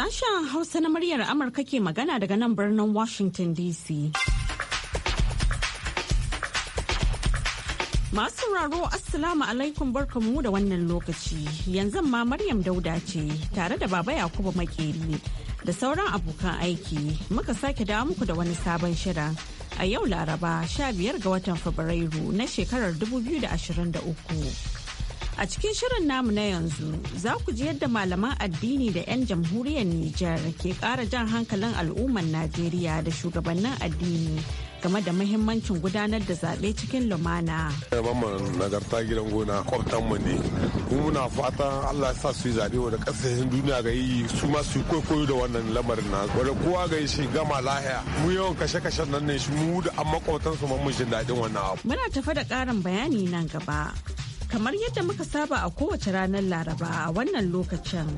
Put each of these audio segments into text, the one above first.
Sashen Hausa na muryar Amurka ke magana daga nan birnin Washington DC. Masu raro Assalamu alaikum barkanmu da wannan lokaci. Yanzu ma Maryam Dauda ce tare da Baba Yakubu Makeri da sauran abokan aiki muka sake dawo muku da wani sabon shirin. A yau Laraba 15 ga watan Fabrairu na shekarar 2023. A cikin shirin namu na yanzu za ku ji yadda malaman addini da 'yan jamhuriyar Nijar ke kara jan hankalin al'ummar Najeriya da shugabannin addini. game da mahimmancin gudanar da zaɓe cikin lumana. mu nagarta gidan gona kwabtan mu ne. muna fata Allah sa su yi zaɓe wanda ƙasashen duniya ga yi su ma su kwaikwayo da wannan lamarin na. Wanda kowa ga yi shi gama lahiya. Mu yawan kashe-kashen nan ne shi mu da an makwabtan su jin daɗin wannan abu. Muna tafa da ƙarin bayani nan gaba. kamar yadda muka saba a kowace ranar Laraba a wannan lokacin.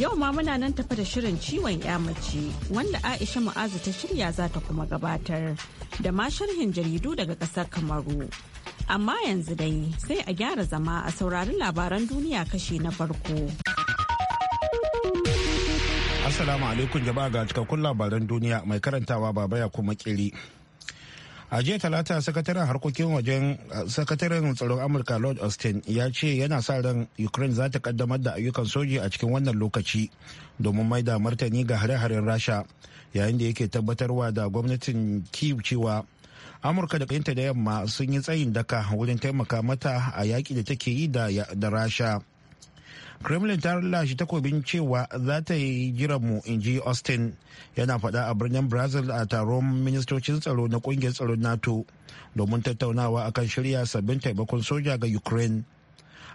Yau ma muna nan tafa da shirin ciwon mace wanda Aisha Mu'azu ta shirya za ta kuma gabatar da ma sharhin jaridu daga ƙasar Kamaru. Amma yanzu dai sai a gyara zama a saurari labaran duniya kashi na farko. Assalamu alaikum jama'a ga cikakkun labaran duniya mai karantawa baba ya kuma kiri. a jiya talata sakataren harkokin wajen sakataren tsaron amurka lord austin ya ce yana sa ran ukraine za ta kaddamar da ayyukan soji a cikin wannan lokaci domin maida martani ga hare-haren rasha yayin da yake tabbatarwa da gwamnatin kiev cewa amurka da kayinta da yamma sun yi tsayin daka wurin taimaka mata a yaƙi da take yi da rasha kremlin ta lashe takobin cewa za ta yi jiranmu in ji austin yana faɗa a birnin brazil a taron ministocin tsaro na ƙungiyar tsaron nato domin tattaunawa akan shirya sabbin taimakon soja ga ukraine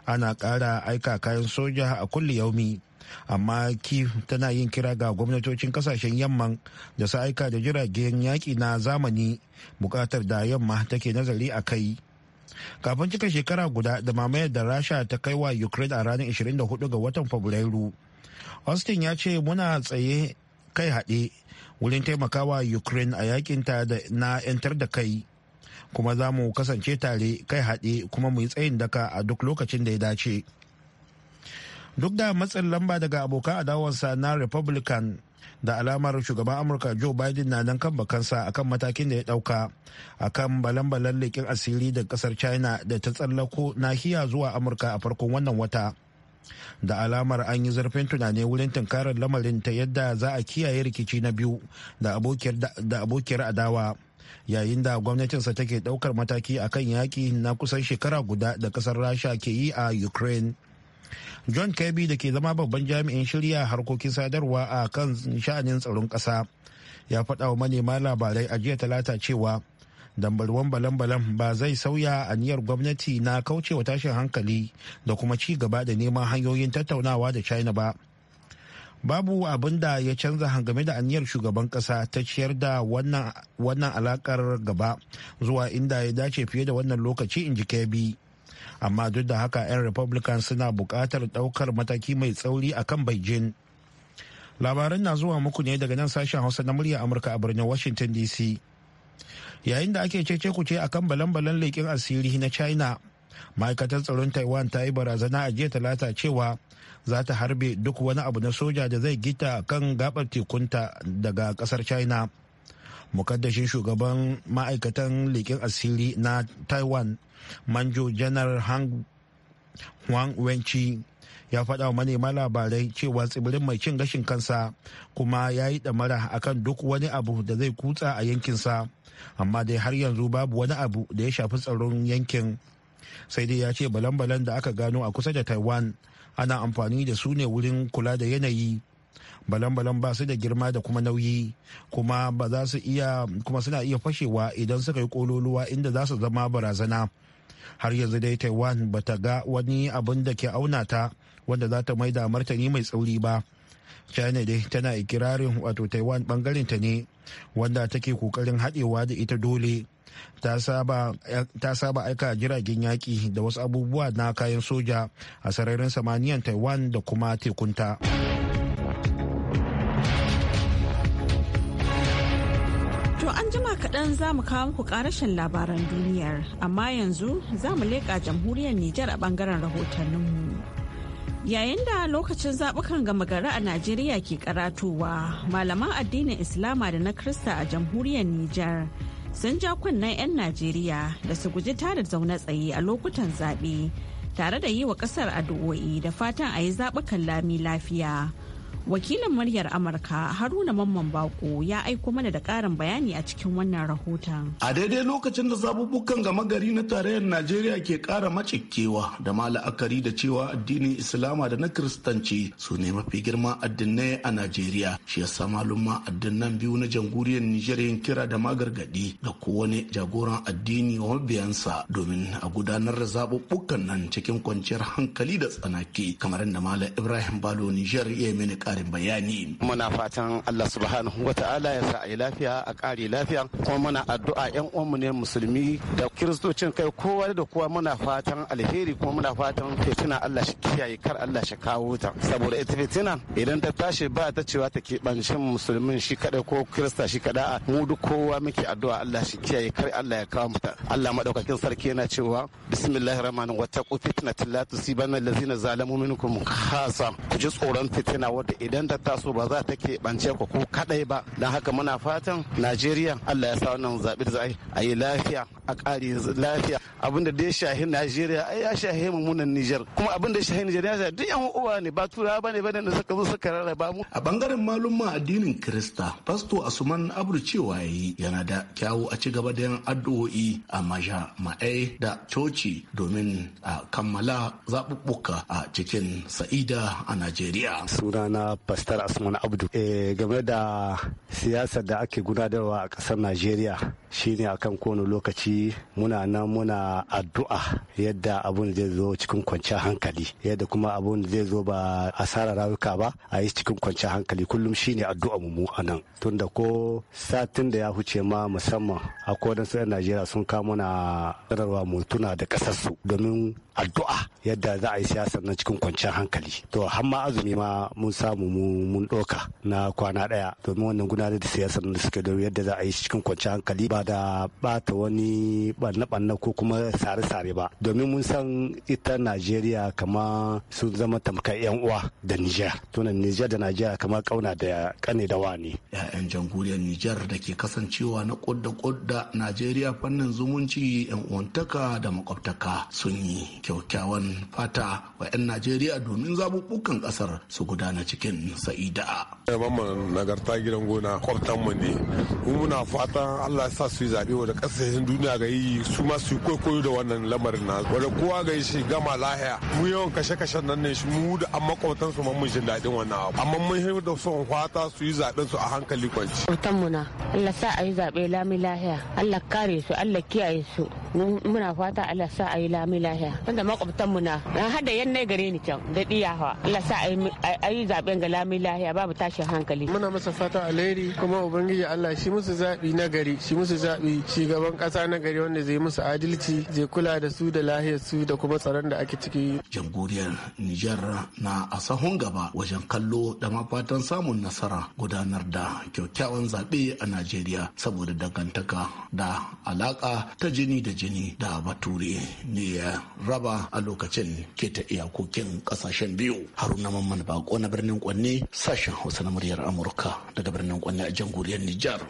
ana ƙara aika kayan soja a kulle yaumi amma kif tana yin kira ga gwamnatocin kasashen yamman da su aika da jiragen yaƙi na zamani buƙatar da yamma take nazari a kai kafin cika shekara guda da mamayar da rasha ta kai wa ukraine a ranar 24 ga watan fabrairu austin ya ce muna tsaye kai haɗe wurin taimakawa ukraine a yakinta da na 'yantar da kai kuma za mu kasance tare kai haɗe kuma mu yi tsayin daka a duk lokacin da ya dace duk da matsin lamba daga abokan adawarsa na republican da alamar shugaban amurka joe biden na nan kan bakansa a kan matakin da ya dauka kan balan-balan leƙin asiri da kasar china da ta tsallako nahiya zuwa amurka a farkon wannan wata da alamar an yi zarfin tunani wurin tunkarar lamarin ta yadda za a kiyaye rikici na biyu da abokiyar adawa yayin da gwamnatinsa take daukar mataki akan yaƙi na kusan shekara guda da kasar rasha ke yi a ukraine john kirby da ke zama babban jami'in shirya harkokin sadarwa a kan sha'anin tsaron ƙasa ya faɗa wa manema labarai a jiya talata cewa dambarwan balan-balan ba zai sauya aniyar gwamnati na kaucewa tashin hankali da kuma ci gaba da neman hanyoyin tattaunawa da china ba babu abin da ya canza game da aniyar shugaban kasa ta ciyar da wannan alakar gaba zuwa inda ya dace fiye da wannan lokaci in ji kebi amma duk da haka 'yan republican suna buƙatar ɗaukar mataki mai tsauri a kan beijing labaran na zuwa muku ne daga nan sashen hausa na murya amurka a birnin washington dc yayin da ake cece kuce a kan balan-balan leƙin asiri na china ma'aikatar tsaron taiwan ta yi barazana a jiya talata cewa za ta harbe duk wani abu na soja da zai gita kan gabar tekunta daga kasar china mukaddashin shugaban ma'aikatan leƙen asiri na taiwan manjo janar hang huang wenchi ya faɗa wa manema labarai cewa tsibirin mai cin gashin kansa kuma ya yi ɗamara akan duk wani abu da zai kutsa a yankinsa amma dai har yanzu babu wani abu da ya shafi tsaron yankin sai dai ya ce balan-balan da aka gano a kusa da taiwan ana amfani da su ne wurin kula da yanayi balan-balan ba su da girma da kuma nauyi kuma ba za su iya kuma suna iya fashewa idan suka yi kololuwa inda za su zama barazana har yanzu dai taiwan ba ta ga wani abin da ke auna ta wanda za ta maida martani mai tsauri ba china dai tana ikirarin wato taiwan bangaren ta ne wanda take kokarin haɗewa da ita dole ta saba aika jiragen yaƙi da wasu abubuwa na kayan soja a sararin samaniyan taiwan da kuma tekunta. kaɗan za mu kawo muku ƙarashin labaran duniyar, amma yanzu za mu leƙa jamhuriyar Nijar a ɓangaren rahotanninmu. Yayin da lokacin zaɓukan gama gari a Najeriya ke karatowa, malaman addinin Islama da na Krista a jamhuriyar Nijar sun ja kunnen 'yan Najeriya da su guji tada zaune tsaye a lokutan zaɓe, tare da yi wa ƙasar addu'o'i da fatan a yi zaɓukan lami lafiya. Wakilin muryar Amurka Haruna Mamman Bako ya aiko mana da karin bayani a cikin wannan rahoton. A daidai lokacin da zabubukan gama gari na tarayyar Najeriya ke kara macikewa da ma la'akari da cewa addinin Islama da na Kiristanci su ne mafi girma addinai a Najeriya. Shi yasa malumma addinan biyu na jamhuriyar Nijar yin kira da magargadi da kowane jagoran addini wa mabiyansa domin a gudanar da zabubukan nan cikin kwanciyar hankali da tsanaki kamar da Malam Ibrahim Balo Nijar ya yi mini ƙarin bayani. Muna fatan Allah subhanahu wa ta'ala ya sa a yi lafiya a ƙari lafiya kuma muna addu'a ƴan uwanmu ne musulmi da kiristocin kai kowa da kowa muna fatan alheri kuma muna fatan fitina Allah shi kiyaye kar Allah shi kawo ta saboda ita fitina idan ta tashi ba ta cewa ta keɓancin musulmin shi kaɗai ko kirista shi kaɗa a mu duk kowa muke addu'a Allah shi kiyaye kar Allah ya kawo mu ta Allah madaukakin sarki yana cewa bismillahir rahmanir rahim wattaqu fitnatan la tusibanna allazina zalamu minkum khasa ku ji tsoron fitina wadda idan ta taso ba za ta ke bance ku ko kaɗai ba don haka muna fatan najeriya allah ya sa wannan zaɓe da za a yi lafiya a ƙari lafiya Abin da dai shahi najeriya ai ya shahi mummunan nijar kuma abin da shahi nijar ya shahi duk yan uwa ne ba turawa ba ne ba da suka zo suka rarraba mu a bangaren malumma addinin krista pasto asuman abru cewa yayi yana da kyawu a ci gaba da yan addu'o'i a maja ma'ai da coci domin a kammala zaɓuɓɓuka a cikin sa'ida a najeriya sunana pastor asman abdu eh, game da siyasar da ake gudanarwa a ƙasar najeriya shine akan kowane lokaci muna nan muna addu'a yadda abun zai zo cikin kwanciyar hankali yadda kuma abun zai zo ba asara rayuka ba a yi cikin kwanciyar hankali kullum shine addu'a mu a nan tunda ko satin da ya huce ma musamman a kodan su najeriya sun kama na sanarwa mu tuna da su. domin addu'a yadda za a yi siyasar nan cikin kwanciyar hankali to hamma azumi ma mun samu mun ɗoka na kwana ɗaya domin wannan gudanar da siyasar da suke domin yadda za a yi cikin kwanciyar hankali ba da bata wani banna-banna ko kuma sare-sare ba domin mun san ita najeriya kama sun zama tamkar yan uwa da nijar tunan niger da najeriya kama kauna da kane da wani ya'yan jamhuriyar nijar da ke kasancewa na kodda kodda najeriya fannin zumunci yan uwantaka da makwabtaka sun yi kyaukyawan fata wa 'yan najeriya domin zaɓuɓɓukan ƙasar su gudana cikin sa'ida. Mamman nagarta gidan gona kwabtan mu ne. Muna fata Allah ya sa su yi zaɓe wadda ƙasashen duniya ga yi su ma su kwaikwayo da wannan lamarin na wadda kowa ga shi gama lahiya mu yawan kashe-kashen nan ne shi mu da an makwabtan su mun jin daɗin wannan abu amma mun hin da son fata su yi zaɓen su a hankali kwanci. Mutan mu na Allah sa a yi zaɓe lami lahiya Allah kare su Allah kiyaye su muna fata Allah sa a yi lami lahiya wanda makwabtan mu na har hada yannai gare ni can da hawa Allah sa a yi zaben ga lami lahiya babu tashin hankali muna masa fata alheri kuma ubangiji Allah shi musu zabi na gari shi musu zabi shugaban kasa na gari wanda zai musu adalci zai kula da su da lahiyar su da kuma tsaron da ake ciki jamhuriyar Nijar na a sahun gaba wajen kallo da fatan samun nasara gudanar da kyakkyawan zaɓe a Najeriya saboda dangantaka da alaka ta jini da jini jini da bature ne ya raba a lokacin keta iyakokin kasashen biyu haruna mamman bako na birnin kwanne sashen hausa na muryar amurka daga birnin kwanne a jamhuriyar nijar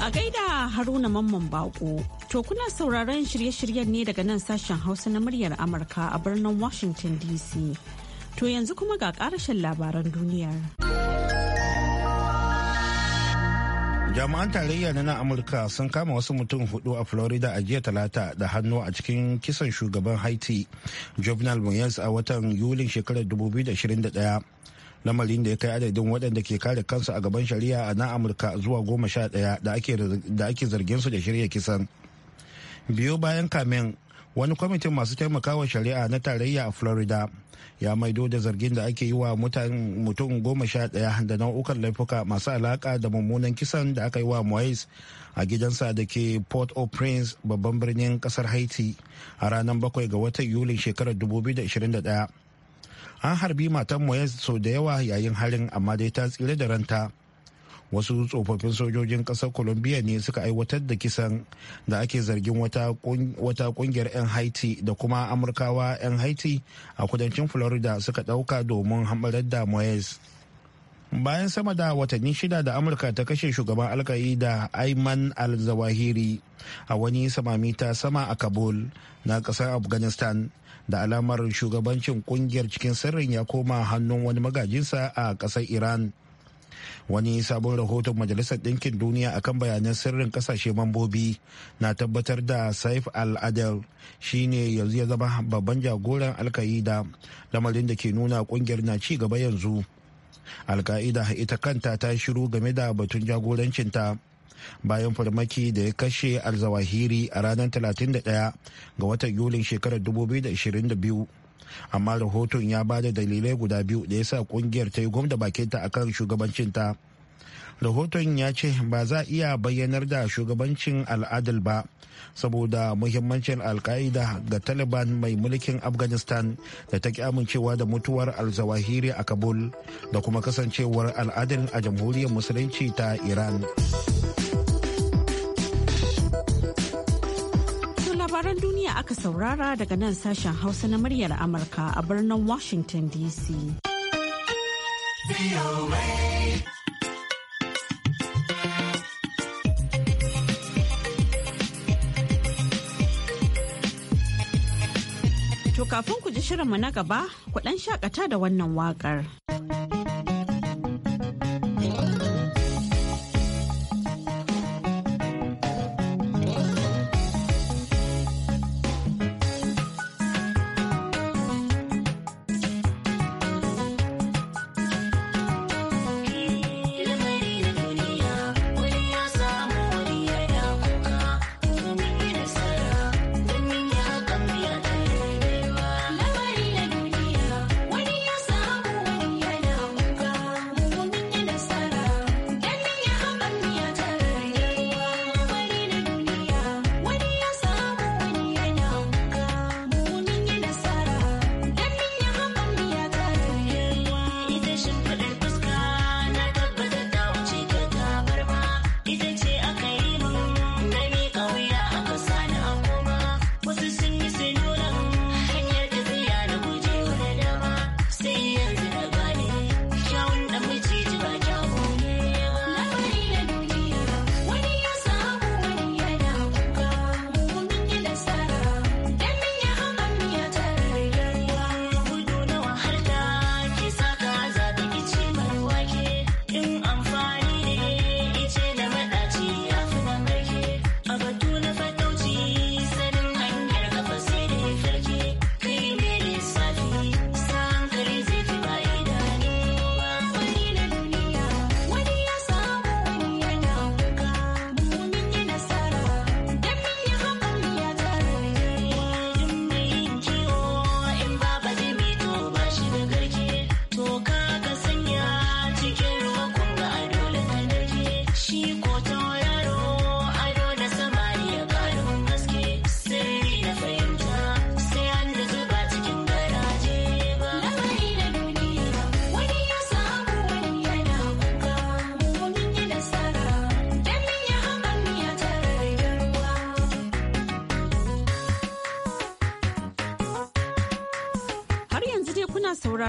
a gaida haruna mamman bako to kuna sauraron shirye-shiryen ne daga nan sashen hausa na muryar amurka a birnin washington dc to yanzu kuma ga karashen labaran duniyar. jami'an tarayya na na amurka sun kama wasu mutum hudu a florida a jiya talata da hannu a cikin kisan shugaban haiti juvenal moyes a watan yulin shekarar 2021 lamarin da ya kai adadin waɗanda ke kare kansu a gaban shari'a a na amurka zuwa goma sha ɗaya da ake zargin su da shirya kisan biyo bayan kamen wani kwamitin masu taimakawa shari'a na tarayya a florida ya maido da zargin da ake yi wa mutum goma sha ɗaya da nau'ukan laifuka masu alaka da mummunan kisan da aka yi wa moise a gidansa da ke port au prince babban birnin kasar haiti a ranar bakwai ga watan yulin shekarar 2021 an harbi matan moise sau da yawa yayin harin amma dai ta tsire da ranta wasu tsofaffin sojojin kasar colombia ne suka aiwatar da kisan da ake zargin wata kungiyar 'yan haiti da kuma amurkawa 'yan haiti a kudancin florida suka dauka domin hamarar da moyes bayan sama da watanni shida da amurka ta kashe shugaban alka'ida ayman al-zawahiri a wani samami ta sama a kabul na kasar afghanistan da alamar shugabancin kungiyar cikin sirrin ya koma hannun wani magajinsa a kasar iran wani sabon rahoton majalisar ɗinkin duniya akan bayanan sirrin kasashe mambobi na tabbatar da saif al shi shine yanzu ya zama babban jagoran alka'ida lamarin da ke nuna ƙungiyar na ci gaba yanzu alka'ida ita kanta ta shiru game da batun jagorancinta bayan farmaki da ya kashe alzawahiri a ranar 31 ga watan yulin shekarar 2022 amma rahoton ya ba da dalilai guda biyu da ya sa kungiyar ta yi gwamda bakinta akan shugabancinta rahoton ya ce ba za a iya bayyanar da shugabancin al'adal ba saboda muhimmancin alka'ida ga taliban mai mulkin afghanistan da ta ki amincewa da mutuwar alzawahiri a kabul da kuma kasancewar al'adal a jamhuriyar musulunci ta iran labaran duniya aka saurara daga nan sashen Hausa na muryar Amurka a birnin Washington DC. To kafin ku ji shirinmu na gaba, ku ɗan shakata da wannan waƙar.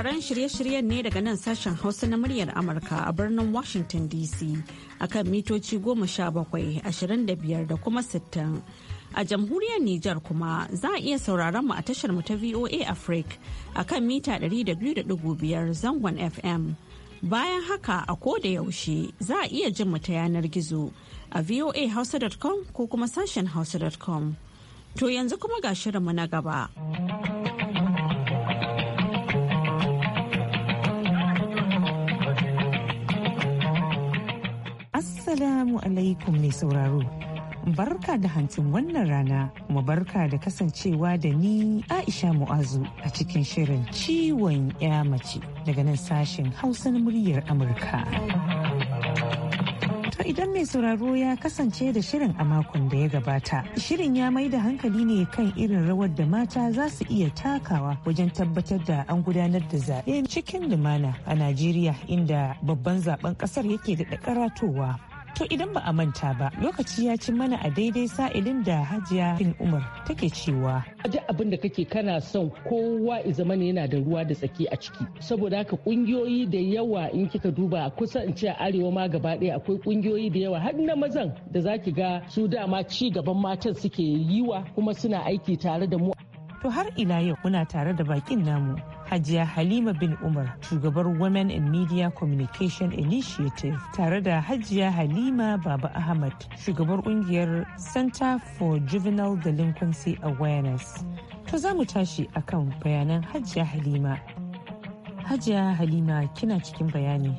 sauraron shirye-shiryen ne daga nan sashen Hausa na muryar Amurka a birnin Washington DC akan mitoci goma sha bakwai ashirin da biyar da kuma sittin. A jamhuriyar Nijar kuma za a iya sauraron mu a tashar mu ta VOA Africa akan mita 200.5 zangon FM. Bayan haka a ko da yaushe za a iya jin mu ta yanar gizo a voahausa.com ko kuma sashen hausa.com. To yanzu kuma ga shirinmu na gaba. Assalamu alaikum mai sauraro. Barka da hantsin wannan rana kuma barka da kasancewa da ni Aisha Mu'azu a cikin shirin ciwon ya mace daga nan sashen Hausa na muryar Amurka. To idan mai sauraro ya kasance da shirin a makon da ya gabata, shirin ya mai da hankali ne kan irin rawar da mata za su iya takawa wajen tabbatar da an gudanar da zaɓe cikin lumana a Najeriya inda babban zaben ƙasar yake da karatowa. To idan ba a manta ba lokaci ya ci mana a daidai sa'ilin da Hajiya Bin Umar take cewa. aji abin da kake kana son kowa zama ne yana da ruwa da tsaki a ciki. Saboda haka kungiyoyi da yawa in kika duba kusa in ce a arewa ma gaba ɗaya akwai kungiyoyi da yawa har na mazan da zaki ga su dama ci gaban matan suke yiwa kuma suna aiki tare da mu. To har ila yau muna tare da bakin namu Hajiya Halima bin Umar, shugabar Women in Media Communication Initiative, tare da Hajiya Halima Baba Ahmad, shugabar kungiyar Center for Juvenile Delinquency Awareness. To za mu tashi akan bayanan Hajiya Halima. Hajiya Halima kina cikin bayani.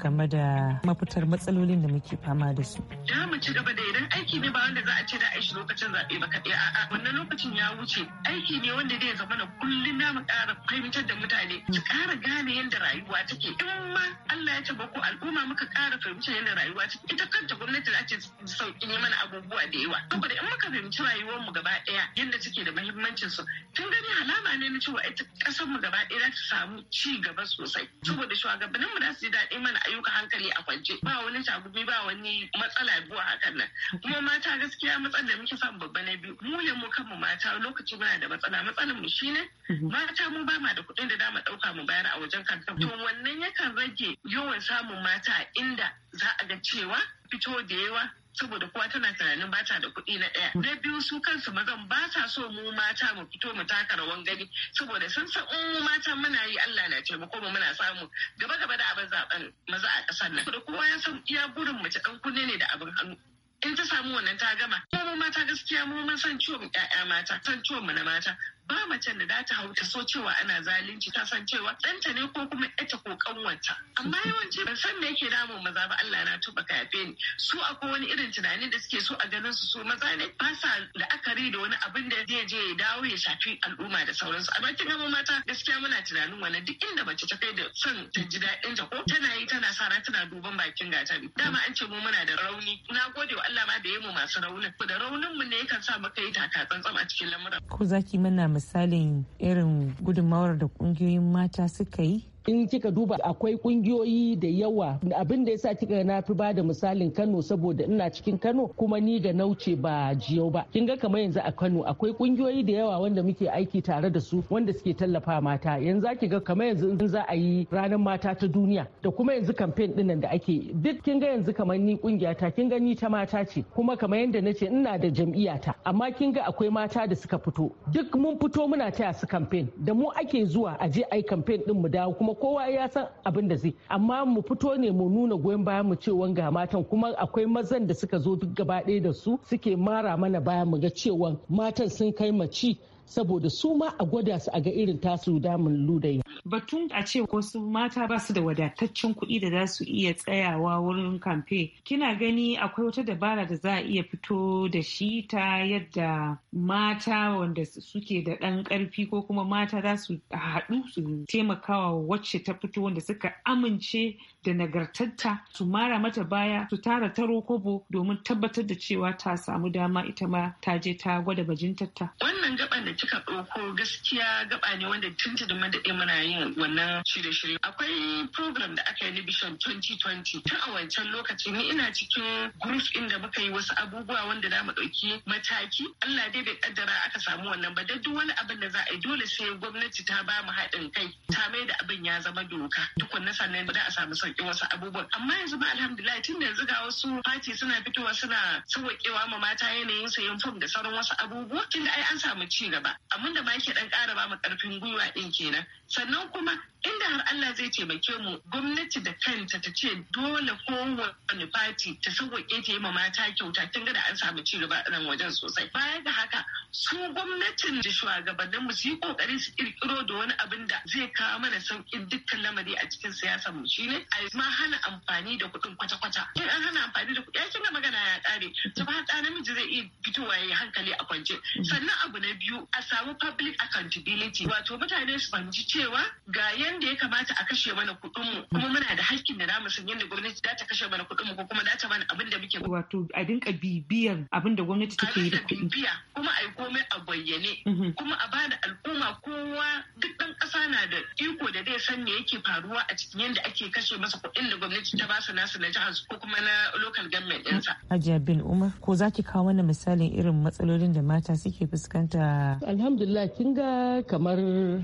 game da mafitar matsalolin da muke fama da su. Da mu ci gaba da idan aiki ne ba wanda za a ce da aishi lokacin zaɓe ba kaɗai a'a wannan lokacin ya wuce aiki ne wanda zai zama na kullum na mu ƙara fahimtar da mutane ki ƙara gane yadda rayuwa take in ma Allah ya taba ko al'umma muka ƙara fahimtar yadda rayuwa take ita kanta gwamnati za ta sauƙi ne mana abubuwa da yawa saboda in muka fahimci rayuwar mu gaba ɗaya yadda take da muhimmancin su tun gani alama ne na cewa ita ƙasar mu gaba ɗaya za ta samu ci gaba sosai saboda shugabannin mu za su ji daɗi yi mana ayyuka hankali a kwance ba wani shagumi ba wani matsala biyu a hakan nan kuma mata gaskiya matsalar da muke samu babba na biyu mu ne mu kanmu mata lokaci muna da matsala matsalar mu shine mhm. mata mu ba ma da kuɗin da dama ɗauka mu bayar a wajen kanta to mhm. wannan yakan rage yawan samun mata inda za a ga cewa fito da yawa saboda kuwa tana tunanin ba ta da kuɗi na ɗaya. Na biyu su kansu mazan ba sa so mu mata mu fito mu taka rawan gani saboda sun san in mu mata muna yi Allah na taimako mu muna samu gaba gaba da abin zaben maza a ƙasar nan. Saboda kowa ya san iya gurin mace ɗan kunne ne da abin hannu. In ta samu wannan ta gama. Mu mata gaskiya mu mun san ciwon ƴaƴa mata, san ciwon mu na mata. ba macen da za ta hau ta so cewa ana zalunci ta san cewa ɗanta ne ko kuma ita ko kanwanta amma yawanci ban san me yake damun maza ba Allah na tuba ka yafe ni su akwai wani irin tunanin da suke so a ganin su su maza ne ba sa la'akari da wani abin da zai je ya dawo ya shafi al'umma da sauransu amma kin ga mata gaskiya muna tunanin wannan duk inda mace ta kai da son ta ji daɗin ta ko tana yi tana sa tana duban bakin gatari dama an ce mu muna da rauni na gode wa Allah ma da yi mu masu raunin da raunin mu ne yakan sa mu kai taka tsantsan a cikin lamuran ko zaki mana misalin irin gudunmawar da kungiyoyin mata suka yi in kika duba akwai kungiyoyi da yawa abin da yasa kika na fi da misalin Kano saboda ina cikin Kano kuma ni ga nauce ba jiyau ba kin ga kamar yanzu a Kano akwai kungiyoyi da yawa wanda muke aiki tare da su wanda suke tallafa mata yanzu ki ga kamar yanzu in za a yi ranar mata ta duniya da kuma yanzu kamfen dinnan da ake duk kin ga yanzu kamar ni kungiya ta kin ga ni ta mata ce kuma kamar yanda nace ina da jam'iyyata amma kin ga akwai mata da suka fito duk mun fito muna taya su kamfen da mu ake zuwa a je a yi kamfen din mu dawo kuma kowa ya san abin da zai amma mu fito ne mu nuna goyon bayan mu cewa ga matan kuma akwai mazan da suka zo duk gaba ɗaya da su suke mara mana baya mu ga cewa matan sun kai mace. saboda su ma a gwada su a ga irin tasu damun ludayi. Batun a ce wasu mata ba su da wadataccen kuɗi da za su iya tsayawa wurin kamfe. Kina gani akwai wata dabara da za a iya fito da shi ta yadda mata wanda suke da ɗan ƙarfi ko kuma mata za su haɗu su taimakawa wacce ta fito wanda suka amince da nagartatta su mara mata baya su tara taro kobo domin tabbatar da cewa ta samu dama ita ma ta je ta gwada bajintarta. Wannan gaban da kika ɗauko gaskiya gaba ne wanda tun da mun daɗe muna yin wannan shirye-shirye. Akwai program da aka yi na Bishan 2020 tun a wancan lokaci ni ina cikin group ɗin da muka yi wasu abubuwa wanda za mu ɗauki mataki. Allah dai bai kaddara aka samu wannan ba da duk wani abin da za a yi dole sai gwamnati ta ba mu haɗin kai ta mai da abin ya zama doka tukunna sannan da a samu sauƙi wasu abubuwan. Amma yanzu ba alhamdulillah tun da yanzu ga wasu fati suna fitowa suna sauƙewa ma mata yanayin sayan fom da sauran wasu abubuwa. Tun da ai an samu ci gaba. ba abinda ma yake dan ƙara ba mu ƙarfin gwiwa ɗin kenan sannan kuma inda har Allah zai taimake mu gwamnati da kanta ta ce dole kowane party ta sauwaƙe ta yi ma mata kyauta tun gada an samu ci gaba nan wajen sosai baya ga haka su gwamnatin da shugabannin mu su yi kokari su kirkiro da wani abin da zai kawo mana sauƙin dukkan lamari a cikin siyasar mu shine a ma hana amfani da kuɗin kwata-kwata in an hana amfani da kuɗi ya ga magana ya ƙare ta ba namiji zai iya fitowa ya hankali a kwance mm-hmm. sannan abu na biyu a samu public accountability wato mutane su fahimci cewa ga yanda ya kamata a kashe mana kuɗin mu kuma muna da hakkin da namu san yanda gwamnati za ta kashe mana kuɗin mu ko kuma za ta mana abin da muke wato a dinka bibiyan abin da gwamnati take yi da kuɗi kuma a yi komai a bayyane mhm. kuma a bada al'umma kowa duk ɗan ƙasa na da iko da zai san me yake faruwa a cikin yanda ake kashe masa kuɗin da gwamnati ta ba su nasu na jihar ko kuma na local government ɗinsa. Hajiya Bin Umar ko za ki kawo mana misalin irin matsalolin da mata suke fuskanta alhamdulillah kin ga kamar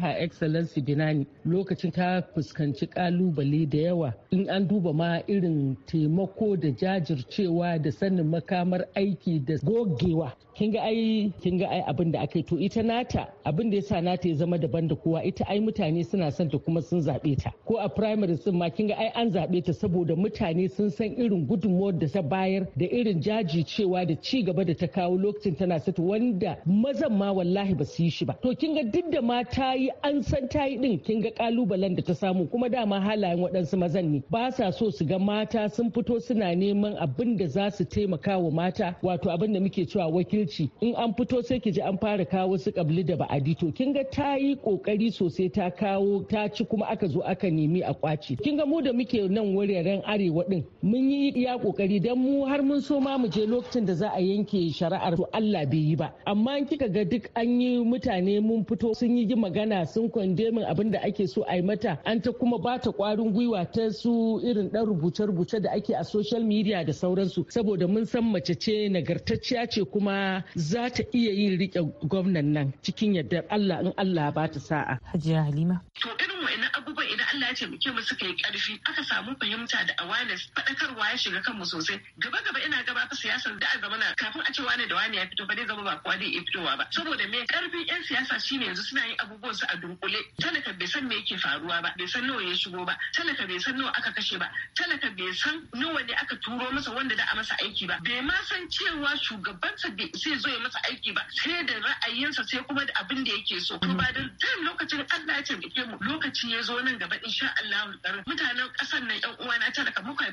her excellency binani lokacin ta fuskanci kalubale da yawa in an duba ma irin taimako da jajircewa da sanin makamar aiki da gogewa kin ga ai kin ga ai abin da aka yi to ita nata abin da yasa nata ya zama daban da kowa ita ai mutane suna son ta kuma sun zabe ta ko a primary sun ma kin ga ai an zabe ta saboda mutane sun san irin gudunmuwar da ta bayar da irin jajircewa da ci gaba da ta kawo lokacin tana sata wanda mazan ma wallahi wallahi ba su yi shi ba to kin ga duk da mata yi an san ta yi din kin ga kalubalen da ta samu kuma dama halayen waɗansu mazan ne ba sa so su ga mata sun fito suna neman abin da za su taimaka wa mata wato abin da muke cewa wakilci in an fito sai ki ji an fara kawo su kabli da ba'adi to kin ga ta yi kokari sosai ta kawo ta ci kuma aka zo aka nemi a kwaci kin ga mu da muke nan wuraren arewa din mun yi iya kokari dan mu har mun so ma mu je lokacin da za a yanke shari'ar to Allah bai yi ba amma kika ga duk an yi mutane mun fito sun yi magana sun min abin da ake so a yi mata an ta kuma ba ta kwarin gwiwa ta su irin dan rubuce-rubuce da ake a social media da sauransu saboda mun san mace ce nagartacciya ce kuma za ta iya yin rike gwamnan nan cikin yadda Allah in Allah ba ta sa'a. Hajiya Halima. To irin wa'annan abubuwan idan Allah ya taimake mu suka yi karfi aka samu fahimta da awareness faɗakarwa ya shiga kanmu sosai gaba-gaba ina gaba fa siyasar da a zamana kafin a ce wane da wane ya fito ba dai zama ba kowa dai ya fitowa ba saboda me karfin yan siyasa shi ne yanzu suna yin abubuwan su a dunkule talaka bai san me yake faruwa ba bai san nawa ya shigo ba talaka bai san nawa aka kashe ba talaka bai san nawa ne aka turo masa wanda da a masa aiki ba bai ma san cewa shugabansa bai sai zo ya masa aiki ba sai da ra'ayinsa sai kuma da abin da yake so to ba da tan lokacin Allah ya taimake mu lokaci ya zo nan gaba insha Allah mutanen kasar nan yan uwana talaka muka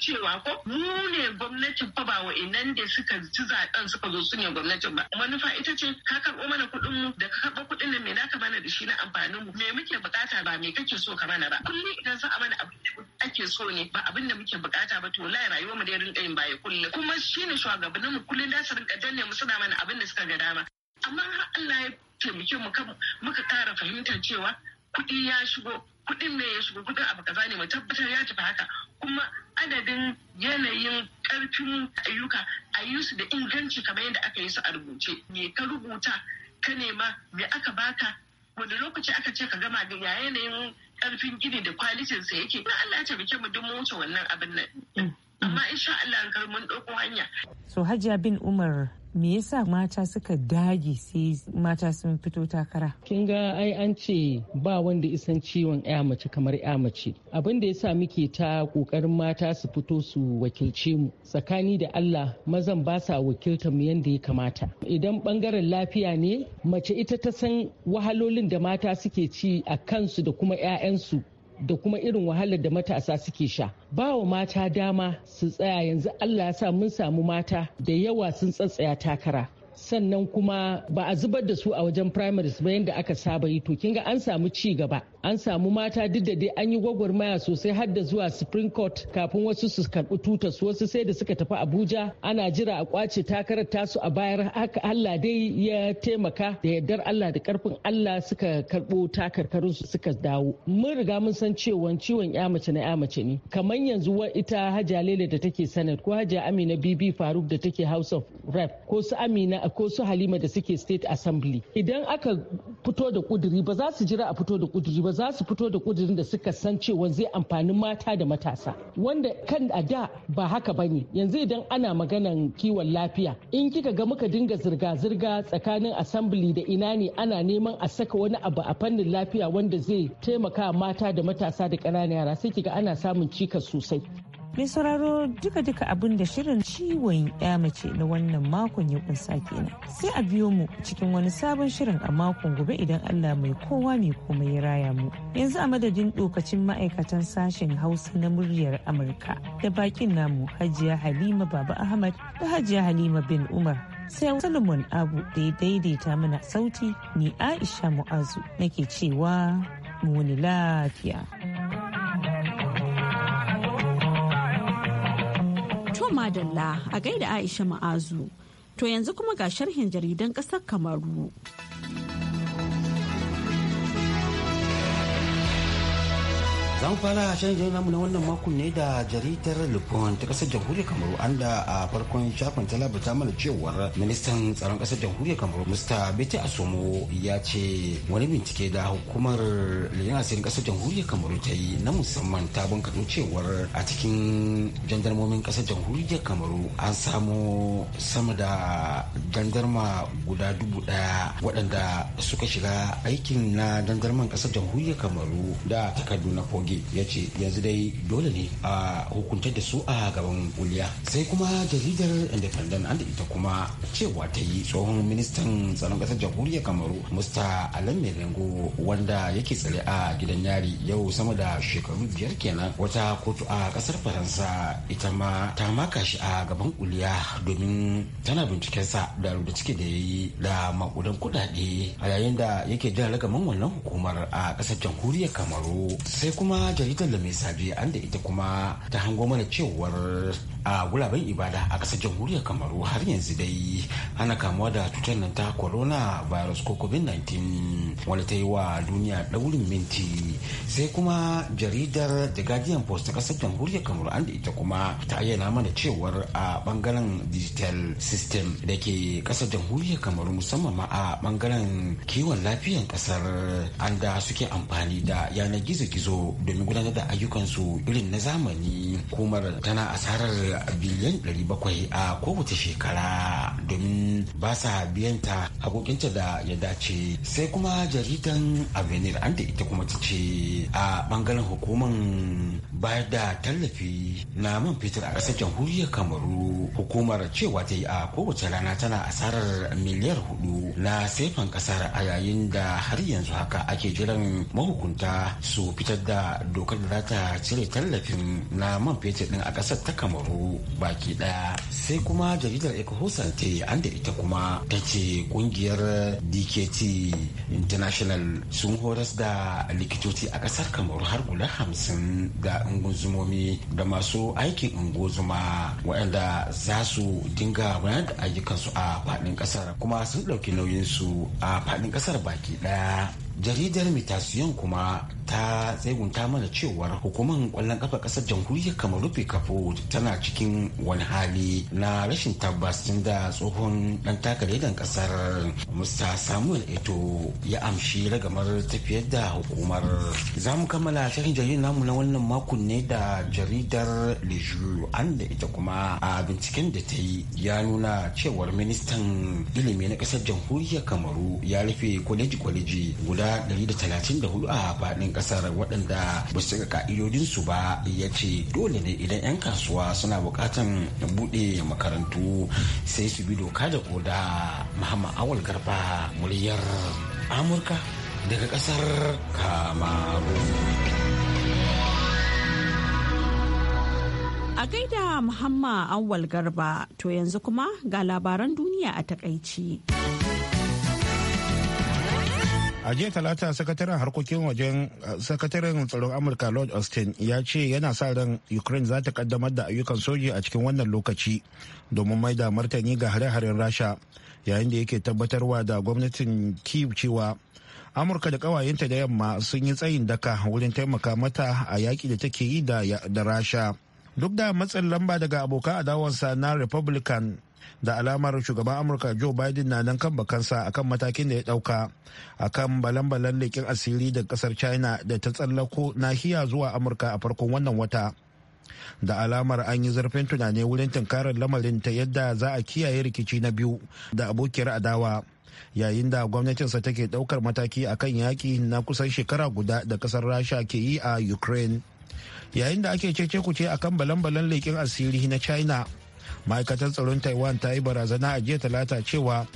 cewa ko mu ne gwamnatin fa ba inan da suka ci zaben suka zo su ne gwamnatin ba manufa ita ce ka karɓo mana kuɗin mu da ka karɓa kuɗin nan me naka mana da shi na amfanin mu me muke bukata ba me kake so ka mana ba kullum idan za a mana abin da ake so ne ba abin da muke bukata ba to lai rayuwar mu da rinka yin baya kullum kuma ne shugabannin mu kullum da su rinka danne mu suna mana abin da suka ga dama amma har Allah ya taimake mu kan muka ƙara fahimtar cewa kuɗi ya shigo kuɗin ne ya shigo kuɗin abu kaza ne mu tabbatar ya tafi haka kuma adadin yanayin ƙarfin ayyuka a yi su da inganci kamar yadda aka yi su a rubuce me ka rubuta ka nema me aka baka wani lokaci aka ce ka gama da ya yanayin karfin gini da kwalitinsa yake na Allah ya taimake mu duk mu wuce wannan abin nan mm. amma insha Allah mun ɗauko hanya. So Hajiya bin Umar me yasa mata suka dage sai mata sun fito takara kin ga ai an ce ba wanda isan ciwon ya mace kamar ya mace abin da yasa muke ta kokarin mata su fito su wakilce mu tsakani da Allah mazan ba sa wakiltar mu yanda ya kamata idan bangaren lafiya ne mace ita ta san wahalolin da mata suke ci a kansu da kuma 'ya'yansu da kuma irin wahalar da matasa suke sha ba wa mata dama su tsaya yanzu allah ya sa mun samu mata da yawa sun tsatsaya takara sannan kuma ba a zubar da su a wajen primaries ba yadda aka saba yi to kinga an samu ci gaba an samu mata duk da dai an yi gwagwarmaya sosai har da zuwa supreme court kafin wasu su karbi tutar su wasu sai da suka tafi abuja ana jira a kwace takarar tasu a bayar haka allah dai ya taimaka da yardar allah da karfin allah suka karbo takarkarin su suka dawo mun riga mun san cewa ciwon ya mace na ya mace ne kamar yanzu wa ita hajja lele da take senate ko hajja amina bibi faruk da take house of rep ko su amina ko su halima da suke state assembly idan aka fito da kuduri ba za su jira a fito da kuduri ba za su fito da kudurin da suka san cewa zai amfani mata da matasa wanda kan a da ba haka bane yanzu idan ana maganan kiwon lafiya in kika ga muka dinga zirga-zirga tsakanin assembly da ina ne ana neman a saka wani abu a fannin lafiya wanda zai taimaka mata da matasa da ƙananan yara sai kiga ana samun cikas sosai Mai sauraro duka-duka abin da shirin ciwon ya mace na wannan makon ya kunsa kenan. Sai a biyo mu cikin wani sabon shirin a makon gobe idan Allah mai kowa mai komai ya raya mu. Yanzu a madadin dokacin ma'aikatan sashen Hausa na muryar Amurka da bakin namu Hajiya Halima Baba Ahmad da Hajiya Halima bin Umar. Sai Solomon Abu da ya daidaita mana sauti ni Aisha Mu'azu nake cewa mu wani lafiya. madalla a gaida Aisha Ma'azu. To yanzu kuma ga sharhin jaridan ƙasar Kamaru. zan fara shan namu na wannan makon ne da jaridar lupon ta kasar jamhuriyar kamaru an da a farkon shafin ta mana cewar ministan tsaron kasar jamhuriyar kamaru mr bete asomo ya ce wani bincike da hukumar liyana asirin kasar jamhuriyar kamaru ta yi na musamman ta bankaɗo cewar a cikin jandarmomin kasar jamhuriyar kamaru an samu sama da jandarma guda dubu daya waɗanda suka shiga aikin na jandarman kasar jamhuriyar kamaru da takardu na goge ya ce yanzu dai dole ne a hukuntar da su a gaban kuliya sai kuma jaridar independent an da ita kuma cewa ta yi tsohon ministan tsaron ƙasar jamhuriyar kamaru musta alan melengo wanda yake tsare a gidan yari yau sama da shekaru biyar kenan wata kotu a ƙasar faransa ita ma ta maka shi a gaban kuliya domin tana bincikensa da rubuta ciki da ya yi da makudan kuɗaɗe a yayin da yake jira ragaman wannan hukumar a ƙasar jamhuriyar kamaru sai kuma jaridar da mai sabi an da ita kuma ta hango mana cewar a gulaben ibada a ƙasar jamhuriyar kamaru har yanzu dai ana kamuwa da cutar nan ta corona virus ko covid-19 wanda ta yi wa duniya daurin minti sai kuma jaridar the guardian post ta kasar jamhuriyar kamaru an da ita kuma ta ayyana mana cewar a bangaren digital system da ke ƙasar jamhuriyar kamaru musamman ma a bangaren kiwon lafiyan ƙasar an da suke amfani da yanar gizo-gizo domin gudanar da ayyukansu irin na zamani kumar tana asarar biliyan 700 a kowace shekara domin ba sa biyan ta hakokinta da ya dace sai kuma jaridan avenir an da ita kuma ta ce a bangaren hukuman bayar da tallafi na man fetur a ƙasar jamhuriyar kamaru hukumar cewa ta yi a kowace rana tana asarar miliyar hudu na saifan ƙasar a yayin da har yanzu haka ake jiran mahukunta su fitar da dokar da za ta cire tallafin na man fetur din a ƙasar ta kamaru baki daya sai kuma jaridar ecohosan ta an da ita kuma ta ce kungiyar dkt international sun horas da likitoci a kasar kamaru har guda hamsin da unguzumomi da masu aikin unguzuma waɗanda za su dinga bayan da ayyukansu a faɗin ƙasar kuma sun ɗauki nauyinsu a faɗin ƙasar baki ɗaya jaridar mitasiyon kuma ta tsegunta mana cewar hukumar kwallon kafa kasar jamhuriyar kamaru kafo tana cikin wani hali na rashin tabbas tun da tsohon dan takaridan kasar mr samuel eto ya amshi ragamar tafiyar da hukumar za mu kammala shirin jaridar namu na wannan makon ne da jaridar leju an da ita kuma a binciken da ta yi ya nuna cewar ministan ilimi na kasar jamhuriyar kamaru ya rufe kwaleji-kwaleji guda da 134 a faɗin ƙasar waɗanda ba su cika ka'idodinsu ba ya ce dole ne idan 'yan kasuwa suna buƙatan buɗe makarantu sai su bi doka da koda muhammad awal garba muryar amurka daga ƙasar kamaru. A gaida Muhammad Awal Garba to yanzu kuma ga labaran duniya a takaici. a jiya talata sakataren harkokin wajen eh, sakataren tsaron amurka lord austin ya ce yana sa ran ukraine za ta kaddamar da ayyukan soji a cikin wannan lokaci domin mai da martani ga hare-haren rasha yayin da yake tabbatarwa da gwamnatin kyiv cewa amurka da kawayenta da yamma sun yi tsayin daka wurin taimaka mata a yaƙi da take yi da rasha duk da matsin lamba daga abokan adawarsa na republican da alamar shugaban amurka joe biden na nan kan bakansa akan matakin da ya dauka akan balan-balan leƙin asiri da kasar china da ta tsallako nahiya zuwa amurka a farkon wannan wata da alamar an yi zurfin tunani wurin tunkarar lamarin ta yadda za a kiyaye rikici na biyu da abokiyar adawa yayin da gwamnatinsa take daukar mataki akan yaƙi na kusan shekara guda da kasar rasha ke yi a ukraine yayin da ake cece kuce akan balan-balan leƙin asiri na china ma'aikatar tsaron taiwan ta yi barazana a jiya talata cewa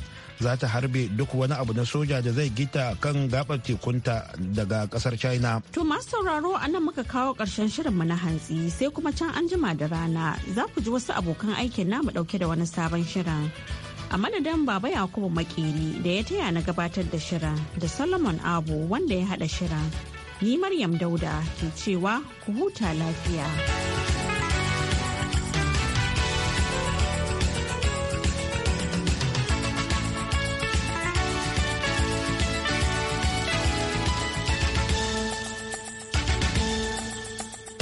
za ta harbe duk wani abu na soja da zai gita kan gabar tekunta daga kasar china to masu sauraro a nan muka kawo karshen mu na hantsi sai kuma can an jima da rana za ku ji wasu abokan aikin namu dauke da wani sabon shirin a madadin baba yakubu makeri da ya taya na gabatar da shirin da solomon abu wanda ya hada shirin ni maryam dauda ke cewa ku huta lafiya